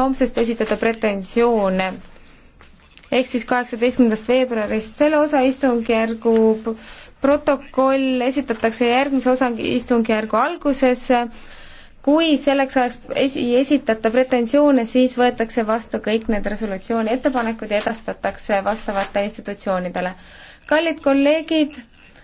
homsest esitada pretensioone. ehk siis kaheksateistkümnendast veebruarist selle osa istungjärgu protokoll esitatakse järgmise osa istungjärgu alguses. kui selleks ajaks esi, esitata pretensioone, siis võetakse vastu kõik need resolutsiooni ettepanekud ja edastatakse vastavate institutsioonidele. kallid kolleegid